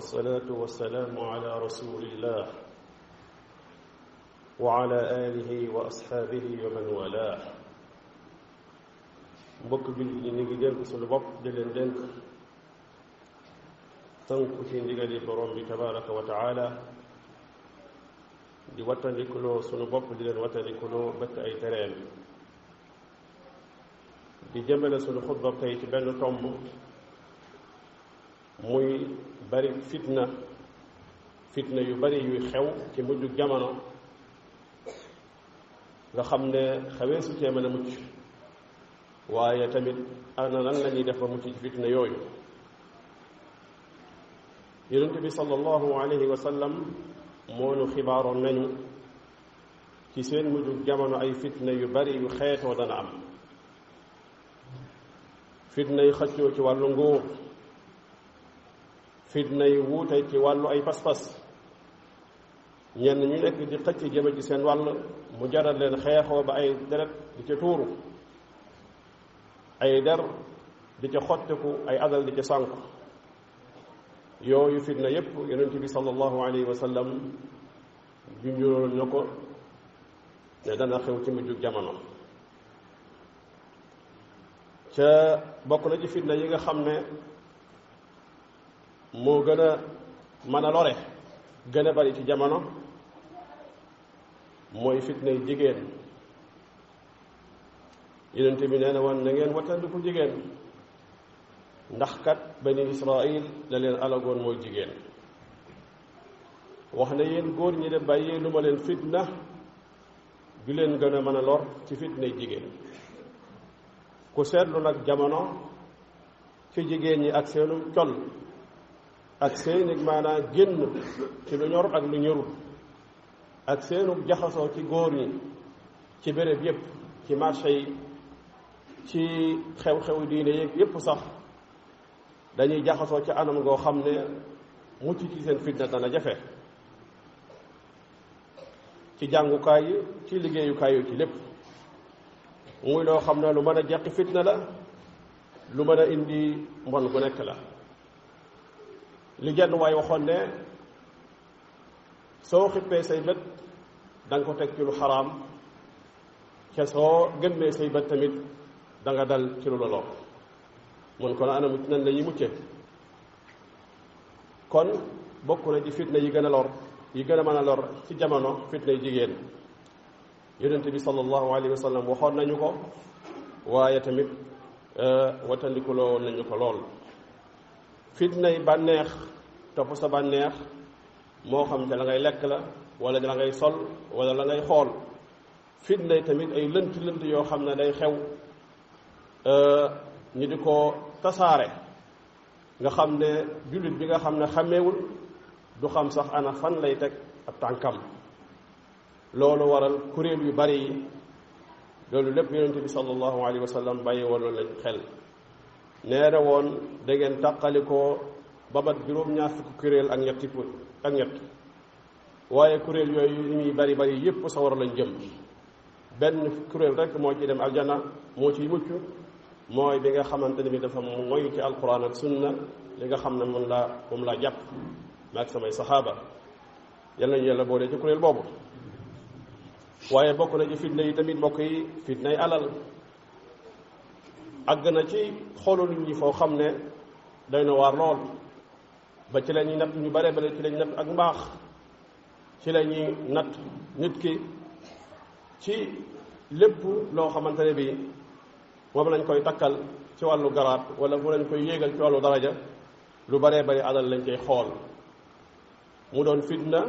والصلاة والسلام على رسول الله وعلى آله وأصحابه ومن والاه mbokk bi ñu ngi dénk suñu bopp di leen dénk tënku ci ndigali borom bi tabaraka wa taala di wattandikuloo suñu bopp di leen wattandikuloo bëtt ay tereem di jëmale suñu xutba tey ci benn tomb muy bari fitna fitna yu bari yuy xew ci mujj jamono nga xam ne xewee su cee mën a mucc waaye tamit ana lan la ñuy def ba fitna yooyu yonent bi sallallahu nu xibaaroon nañu ci seen mujj jamono ay fitna yu bari yu xeetoo dana am fitna yu xëccoo ci wàllu nguur fitna yu wuute ci wàllu ay pas-pas ñenn ñu nekk di xëcc jëme ci seen wàll mu jaral leen xeexoo ba ay deret di ca tuuru ay der di ca xottiku ay adal di ca sànku yooyu fitna yépp yonent bi sallallahu alayhi wa sallam junjuroon na ko ne dana xew ci mujjug jamono ca bokk na ci fitna yi nga xam ne moo gën a mën a lore gën a bari ci jamono mooy fitnay jigéen yonente bi nee na woon na ngeen wattandiku jigéen ndax kat bani israil la leen alagoon mooy jigéen wax na yéen góor ñi de bàyyee lu ma leen fitna ju leen gën a mën a lor ci fitnay jigéen ku seetlu nag jamono ci jigéen ñi ak seenu col ak seeni maanaa génn ci lu ñor ak lu ñorul ak seenu jaxasoo ci góor ñi ci béréb yépp ci marché yi ci xew-xewu diine yeeg yépp sax dañuy jaxasoo ci anam goo xam ne mucc ci seen fitna dana jafe ci jàngukaay yi ci liggéeyukaay yi ci lépp muy loo xam ne lu mën a jeqi fitna la lu mën a indi mbon gu nekk la li genn waay waxoon ne soo xippee say bët danga ko teg ci lu xaraam ca soo gëmmee say bët tamit danga dal ci lu lolook mun kon ana mucc nan la kon bokk na ci fitna yi gën a lor yi gën a mën a lor ci jamono fitna yi jigéen yonent bi sallallahu alayhi waxoon nañu ko waaye tamit euh, watandikuloo woon nañu ko lool fitna yi bànneex topp sa bànneex moo xam te la ngay lekk la wala la ngay sol wala la ngay xool fitna tamit ay lënt lënt yoo xam ne day xew euh, ñu di ko tasaare nga xam ne jullit bi nga xam ne xàmmewul du xam sax ana fan lay teg ab tànkam loolu waral kuréel yu bari yi loolu lépp yonent bi sallallahu alayhi wa sallam bàyyi wala lañ xel nee woon da ngeen babat juróom-ñaar fukki kuréel ak ñetti ak ñett waaye kuréel yooyu li bari bari yépp sawar lañ jëm kuréel rek moo ci dem aljana moo ciy mucc mooy bi nga xamante ne bi dafa mooy ci alquran ak sunna li nga xam ne moom laa moom laa jàpp maag samay saxaaba yal nañu yàlla boole ci kuréel boobu waaye bokk na ci fitna yi tamit bokk yi fitnay alal àgg na ci xoolu nit ñi foo xam ne doy na waar lool ba ci la ñuy natt ñu bare bare ci la ñuy natt ak mbaax ci la ñuy natt nit ki ci lépp loo xamante ne bi moom lañ koy takkal ci wàllu garab wala mu lañ koy yéegal ci wàllu daraja lu baree bari alal lañ koy xool mu doon fitna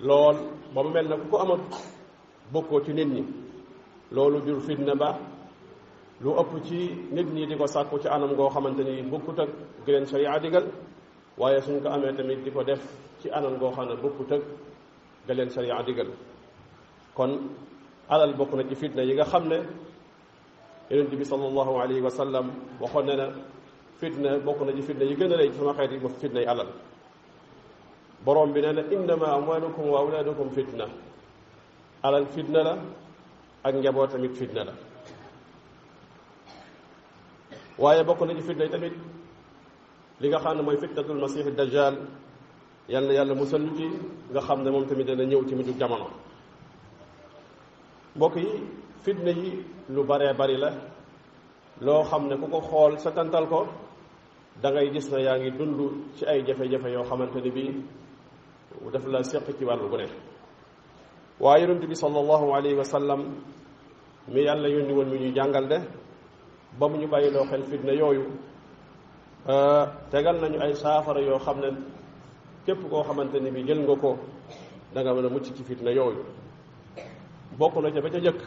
lool ba mu mel na ku ko amat bokkoo ci nit ñi loolu jur fitna ba lu ëpp ci nit ñi di ko sàkku ci anam goo xamante ni bokkut ak gi leen sharia waaye suñ ko amee tamit di ko def ci anam goo xam ne bokkut ak ga leen sariya digal kon alal bokk na ci fitna yi nga xam ne yonent bi sallallahu alayhi wa sallam waxoon ne na bokk na ci fitna gën a rëy sama xeet yi ma fitna yi alal borom bi nee na innama amwalukum wa awlaadukum fitna alal fitna la ak njaboot tamit fitna la waaye bokk na ci fitna yi tamit li nga xam ne mooy fitnatul masiixi dajjal yal na yàlla musal ñu ci nga xam ne moom tamit dana ñëw ci mujj jamono mbokk yi fitna yi lu baree bari la loo xam ne ku ko xool setantal ko da gis na yaa ngi dund ci ay jafe-jafe yoo xamante bi def la seq ci wàllu bu ne waaye yonent bi sallallahu alayhi wa sallam mi yàlla yónni woon mi ñu jàngal de ba mu ñu bàyyiloo xel fitna yooyu Euh, tegal nañu ay saafara yoo xam ne képp koo xamante ni bi jël nga ko danga nga mën a mucc ci fitna yooyu bokk na ca ba ca jëkk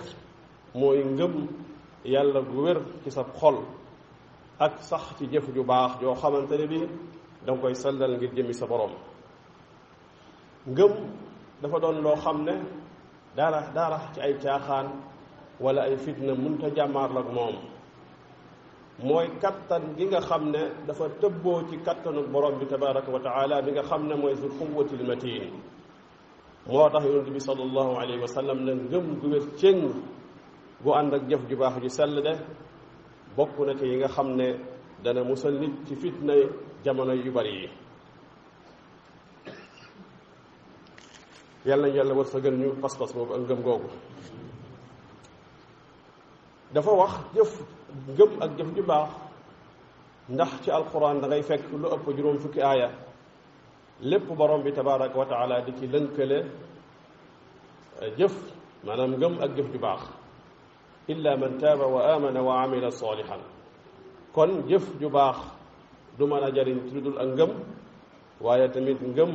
mooy ngëm yàlla gu wér ci sa xol ak sax ci jëf ju baax joo xamante ne bi danga koy sellal ngir jëmi sa borom ngëm dafa doon loo xam ne dara dara ci ay caaxaan wala ay fitna mënta jàmmaar lak moom mooy kattan gi nga xam ne dafa tëbboo ci kattanu borom bi tabaraka wa taala bi nga xam ne mooy su quwatil matin moo tax yonent bi sallallahu alayhi wa sallam ne ngëm gu ànd ak jëf ju baax ju sell de bokk na ci yi nga xam ne dana musal nit ci fitna jamono yu bari yi yàlla nañ yàlla war fa gën ñu pas-pas boobu ak ngëm googu dafa wax jëf gëm ak jëf ju baax ndax ci alquran da fekk lu ëpp juróom fukki aaya lépp borom bi tabaraka wa taala di ci lënkale eh, jëf maanaam ngëm ak jëf ju baax illa man taaba wa kon jëf ju baax du mën a jariñ lu dul ak ngëm waaye tamit ngëm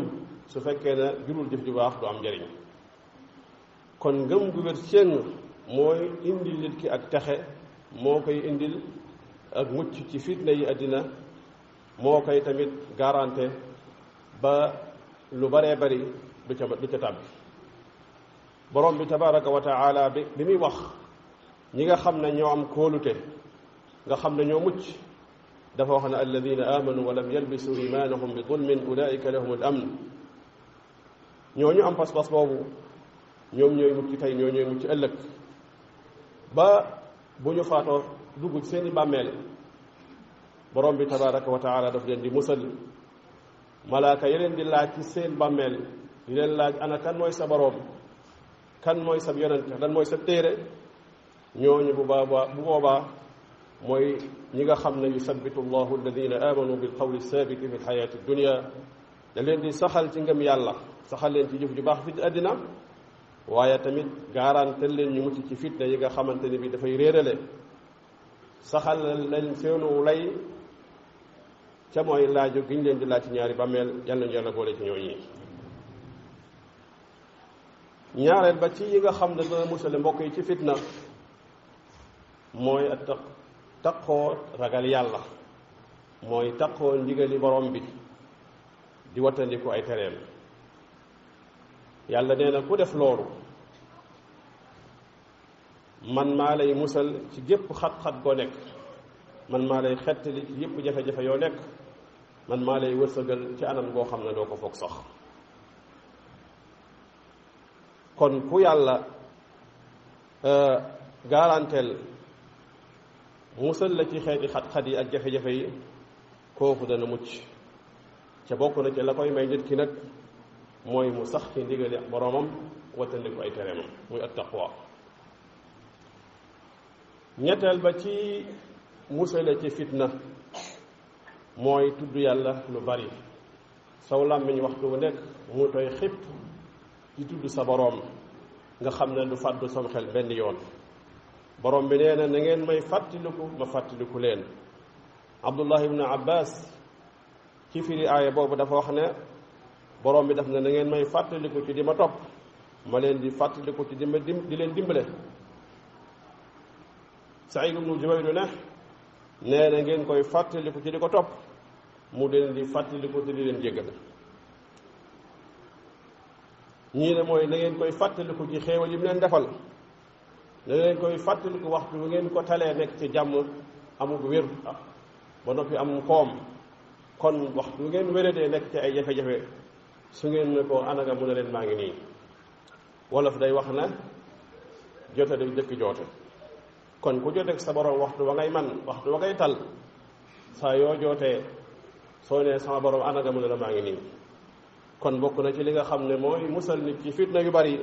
su fekkee ne jurul jëf ju baax du am njariñ kon ngëm gu wér seen mooy indil nit ki ak texe moo koy indil ak mucc ci fitna yi àddina moo koy tamit garanté ba lu baree bari lu ca du ca tàbbi borom bi tabaraka wa taala bi bi muy wax ñi nga xam ne ñoo am kóolute nga xam ne ñoo mucc dafa wax ne alladina amanu wa lam yalbisu imanahum bi zulmin ulaika ñooñu am pas-pas boobu ñoom ñooy mucc tey ñoo ñooy mucc ëllëg ba bu ñu faatoo dugg seeni bàmmeel borom bi tabaraka wa taala daf leen di musal malaaka yeneen di laaj ci seen bàmmeel di laaj ana kan mooy sa borom kan mooy sa yonente lan mooy sa téere ñooñu bu baa bu boobaa mooy ñi nga xam ne yusabbitu allahu alladina amanu bil qawli sabiti fi lxayaati dunia da leen di saxal ci ngëm yàlla saxal leen ci jëf ju baax fi àddina waaye tamit garantel leen ñu mucc ci fitna yi nga xamante ne bi dafay réerale saxal lañ seenu lay ca mooy laaju giñ leen di laaj ci ñaari bàmmeel yal nañu yàlla boole ci ñooñu ñaareel ba ci yi nga xam ne dana musale mbokk yi ci fitna mooy at ragal yàlla mooy taqoo ndigali borom bi di wattandiku ay tereem yàlla nee na ku def loolu man maa lay musal ci gépp xat-xat goo nekk man maa lay xettali ci yépp jafe-jafe yoo nekk man maa lay wërsëgal ci anam goo xam ne doo ko foog sax kon ku yàlla euh, garanteel musal la ci xeeti xat-xat yi ak jafe-jafe yi kooku dana mucc ca bokk na ci la koy may nit ki nag mooy mu sax ci ndigali boroomam wattandiku ay tereemam muy at taqwa ñetteel ba ci musale ci fitna mooy tudd yàlla lu bari saw làmmiñ waxtu wu nekk mu toy xipp di tudd sa boroom nga xam ne du fàddu sam xel benn yoon boroom bi nee na ngeen may fàttaliku ma fàttaliku leen abdullah ibnu abbas ci firi aaya boobu dafa wax ne borom bi daf ne na ngeen may fàttaliku ci di ma topp ma leen di fàttaliku ci di ma dim di leen dimbale Saïd ibnu Jubayr ne nee na ngeen koy fàttaliku ci di ko topp mu leen di fàttaliku ci di leen jéggal ñii ne mooy na ngeen koy fàttaliku ci xéewal yi mu leen defal na ngeen koy fàttaliku waxtu bu ngeen ko talee nekk ci jàmm amul wér ba noppi am koom kon waxtu bu ngeen wéradee nekk ci ay jafe-jafe su ngeen ne ko anaga mu ne leen maa ngi nii wolof day wax na jote day dëkk joote kon ku joteeg sa boroom waxtu wa ngay man waxtu wa ngay tal saa yoo jootee soo nee sama borom anaga mu ne la maa ngi nii kon bokk na ci li nga xam ne mooy musal nit ci fitna yu bari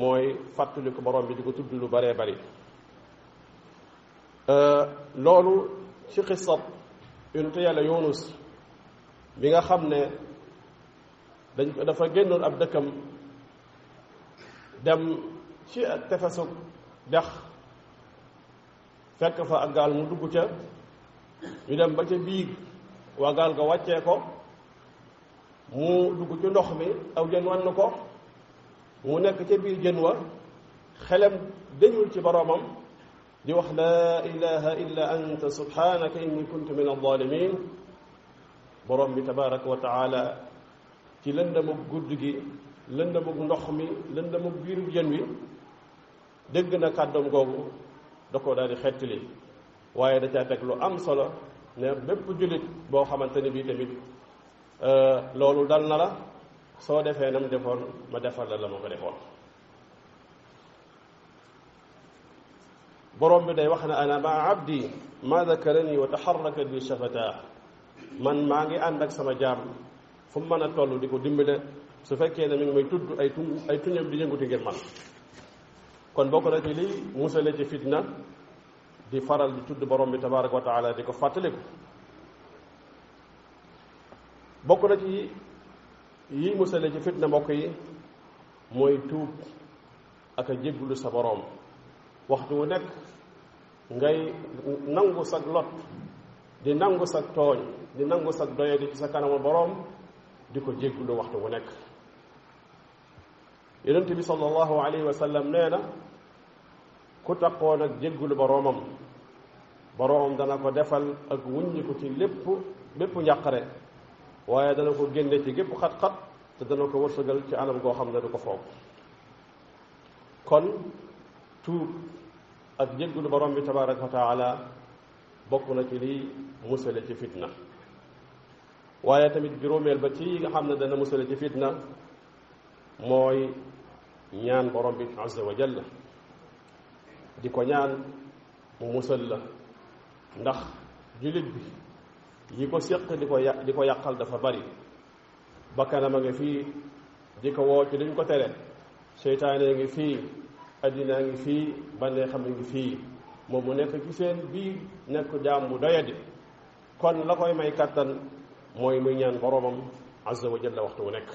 mooy fàttaliku boroom bi di ko tudd lu baree bari euh, loolu ci xisab yonente yàlla yoonus bi nga xam ne dañ dafa génnoon ab dëkkam dam ci ak tefesu dex fekk fa ak gaal mu dugg ca ñu dem ba ca biig waa gaal ga wàccee mu dugg ci ndox mi aw jën wann ko mu nekk ca biir jën wa xelam dañul ci boroomam di wax laa ilaha illa anta subhanaka inni kuntu min al zalimin boroom bi tabaraka wa taala ci lëndamug gudd gi lëndamug ndox mi lëndamug biirub jën wi dégg na kàddoom googu da ko daal di xettali waaye da caa teg lu am solo ne bépp jullit boo xamante ni bii tamit euh, loolu dal na la soo defee nam defoon ma defar la la ma ko defoon borom bi day wax ne ana maa abdi ma dakarani wa taxarrakat bi shafata man maa ngi ànd ak sama jaam fu mu mën a toll di ko dimbale su fekkee ne mi ngi may tudd ay tuñ ay tuñam di yënguti ngir man kon bokk na ci lii musale ci fitna di faral di tudd borom bi tabaraka wa taala di ko fàttaliku bokk na ci yi musale ci fitna mbokk yi mooy tuub ak a jéggulu sa borom waxtu mu nekk ngay nangu sag lot di nangu sag tooñ di nangu sag doye ci sa kanamu borom di ko jéggulu waxtu wu nekk yonent bi sallallahu alayhi wa sallam nee na ku taqoon ak jéggulu boroomam boroomam dana ko defal ak wuññi ko ci lépp bépp njàqare waaye dana ko génne ci gépp xat-xat te dana ko wërsëgal ci anam goo xam ne du ko foog kon tuub ak lu borom bi tabaraka wa taala bokk na ci liy musale ci fitna waaye tamit juróomeel ba ci nga xam ne dana musale ci fitna mooy ñaan borom bi azza di ko ñaan mu musal la ndax jullit bi yi ko séq di ko yà yàqal dafa bari ba kanam a ngi fii di ko woo ci duñ ko tere seytaane ngi fii addinaa ngi fii bannee xam ngi fii moom mu nekk ci seen bii nekk jaam bu doyadi kon la koy may kattan mooy muy ñaan boroomam azza wa jalla waxtu wu nekk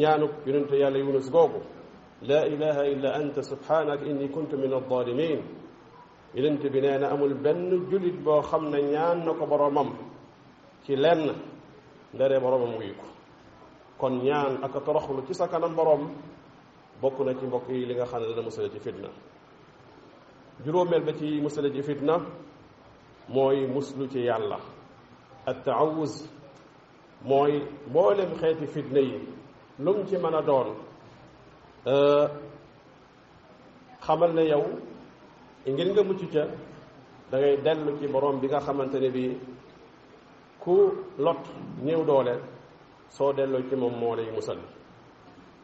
ñaanuk yonente yàlla yunus googu laa ilaha illa anta subhanaka inni kuntu min alzalimin yonente bi nee na amul benn jullit boo xam ne ñaan na ko boroomam ci lenn ndaree boroomam wuyu kon ñaan ak a toroxlu ci sa kanam boroom bokk na ci mbokk yi li nga xam ne dana musale ci fitna juróomeel ba ci musale ci fitna mooy muslu ci yàlla ak taawus mooy mboolem xeeti fitna yi lum ci mën a doon euh, xamal na yow ngir nga mucc ca da dellu ci boroom bi nga xamante ne bii ku lot ñëw doole soo delloo ci moom moo lay musal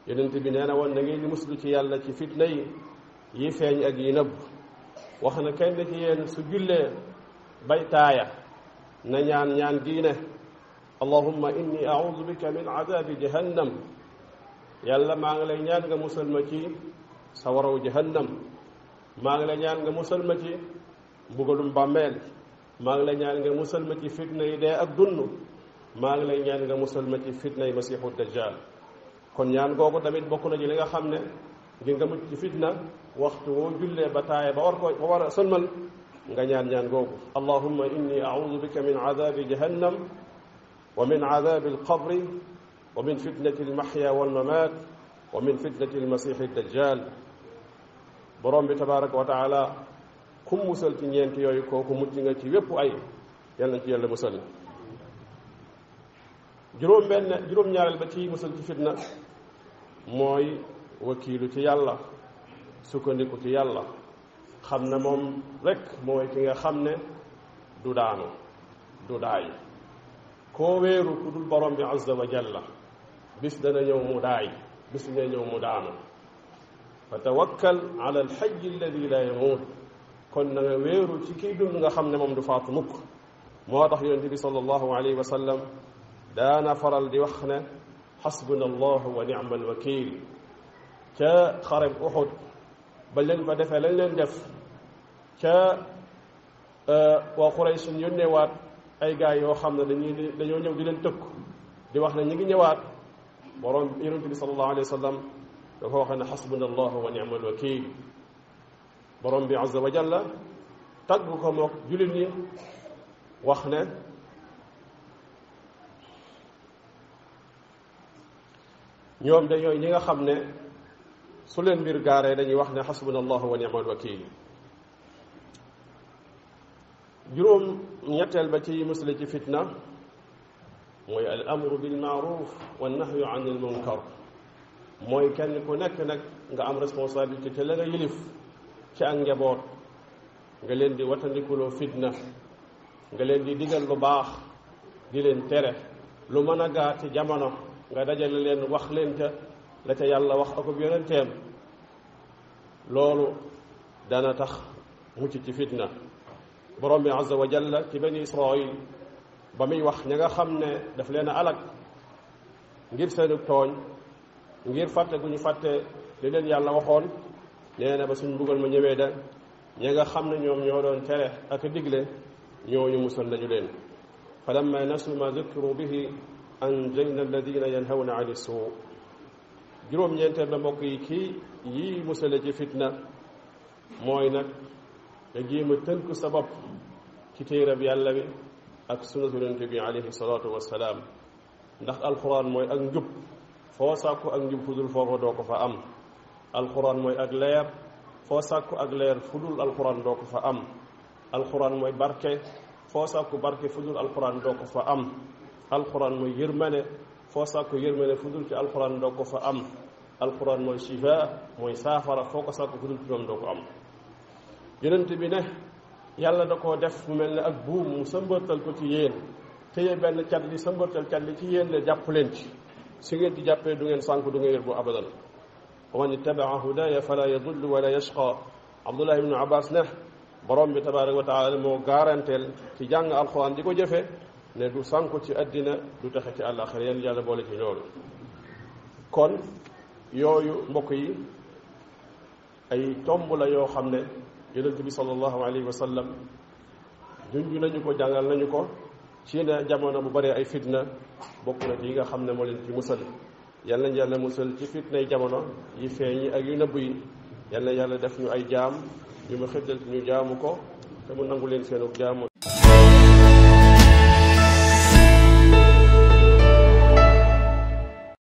yonent bi neena na woon na ci yàlla ci fitna yi yi feeñ ak yi nëbb wax na kenn ci yéen su jullee bay taaya na ñaan ñaan gii ne allahumma inni audu bika min adabi jahannam yàlla maa ngi lay ñaan nga musal ma ci sawaraw jahannam maa ngi lay ñaan nga musal ma ci mbugalum bàmmeel maa ngi lay ñaan nga musal ma ci fitna yi dee ak dund maa ngi lay ñaan nga musal ma ci fitna yi masiixu dajjal kon ñaan googu tamit bokk na ci li nga xam ne ngir nga mucc ci fitna waxtu woo jullee ba taaya ba war ko ba war a sëlmal nga ñaan ñaan googu allahumma inni audu bika min adabi jahannam wa min adabi alqabri wa min fitnati almahya walmamat wa min fitnati almasixi dajjal borom bi tabaraka wa taala ku musal ci ñeent yooyu kooku mucc nga ci wépp ay yal nañ ci yàlla musal na juróom benn juróom-ñaareel ba ci musal ci fitna mooy wakiilu ci yàlla sukkandiku ci yàlla xam na moom rek mooy ki nga xam ne du daanu du daay koo wéeru ku dul borom bi azza wa jalla bis dana ñëw mu daay bis dina ñëw mu daanu fa tawakkal ala alxajji alladi la yamuut kon na nga wéeru ci kii dund nga xam ne moom du faatu mukk moo tax yonent bi sallallahu alayhi wa sallam daana faral di wax ne xasbuna allahu wa nicma alwakil ca xareb uxud ba leen fa defee lañ leen def ca euh, waa Quraysh suñ yónnee waat ay gaa yoo xam ne dañuy dañoo ñëw di leen tëkk di wax ne ñu ngi ñëwaat borom yonent bi sallallahu alayhi wa sallam dafa wax ne xasbuna allahu wa bi azza wa jalla tagg ko mook jullit ñi wax ne ñoom dañooy ñi nga xam ne su leen mbir gaaree dañuy wax ne xasbuna allahu wa ni'mal wakil juróom ñetteel ba ci musle ci fitna mooy al amru bil maaruf wa nahyu an il munkar mooy kenn ku nekk nag nga am responsabilité te la nga yilif ci ak nga leen di watandikuloo fitna nga leen di digal lu baax di leen tere lu mën a gaa ci jamono nga dajale leen wax leen ca la ca yàlla wax akub yonenteem loolu dana tax mucc ci fitna borom bi azza wa jalla ci bani israil ba muy wax ña nga xam ne daf leen a alak ngir seenu tooñ ngir fàtte gu ñu fàtte li leen yàlla waxoon nee na ba suñ mbugal ma ñëwee da ña nga xam ne ñoom ñoo doon tere ak a digle ñooñu musal nañu leen fa lamma nasu ma zukiru bihi anjayna alladina yanhawna ani suu juróom-ñeenteel la mbokk yi kii yii la ci fitna mooy nag nga jéem a tënku sa bopp ci téerab yàlla bi ak sunnatu yonente bi alayhi salaatu wasalaam ndax alxuraan mooy ak njub foo sàkku ak njub fu dul foofa doo ko fa am alxuraan mooy ak leer foo sàkku ak leer fu dul alxuraan doo ko fa am alxuraan mooy barke foo sàkku barke fu dul alxuraan doo ko fa am alxuraan mooy yërmane foo sàkku yërmane fu dul ci alxuraan doo ko fa am alxuraan mooy shifa mooy saafara foo ko sàkku fu dul ci moom doo ko am yonent bi ne yàlla da koo def mu mel ne ak buum mu sëmbërtal ko ci yéen téye benn cat li sëmbërtal cat li ci yéen ne jàpp leen ci si ngeen ci jàppee du ngeen sànk du ngeen yër bu abadan wa man ittabaa hudaya fala yadullu wala yashqa abdullah ibnu abbas borom bi tabaraka wa taala ci jàng alxuraan di ko jëfe ne du sànku ci àddina du texe ci àllaaxira yéen yàlla boole ci loolu kon yooyu mbokk yi ay tomb la yoo xam ne yonent bi sallallahu alayhi wa sallam junj nañu ko jàngal nañu ko ci ne jamono bu bëree ay fitna bokk na ci yi nga xam ne moo leen ci musal yal nañ yàlla musal ci fitnay jamono yi feeñ yi ak yu nëbb yi yal yàlla def ñu ay jaam ñu ma xëddal ñu jaamu ko te mu nangu leen seenu jaamu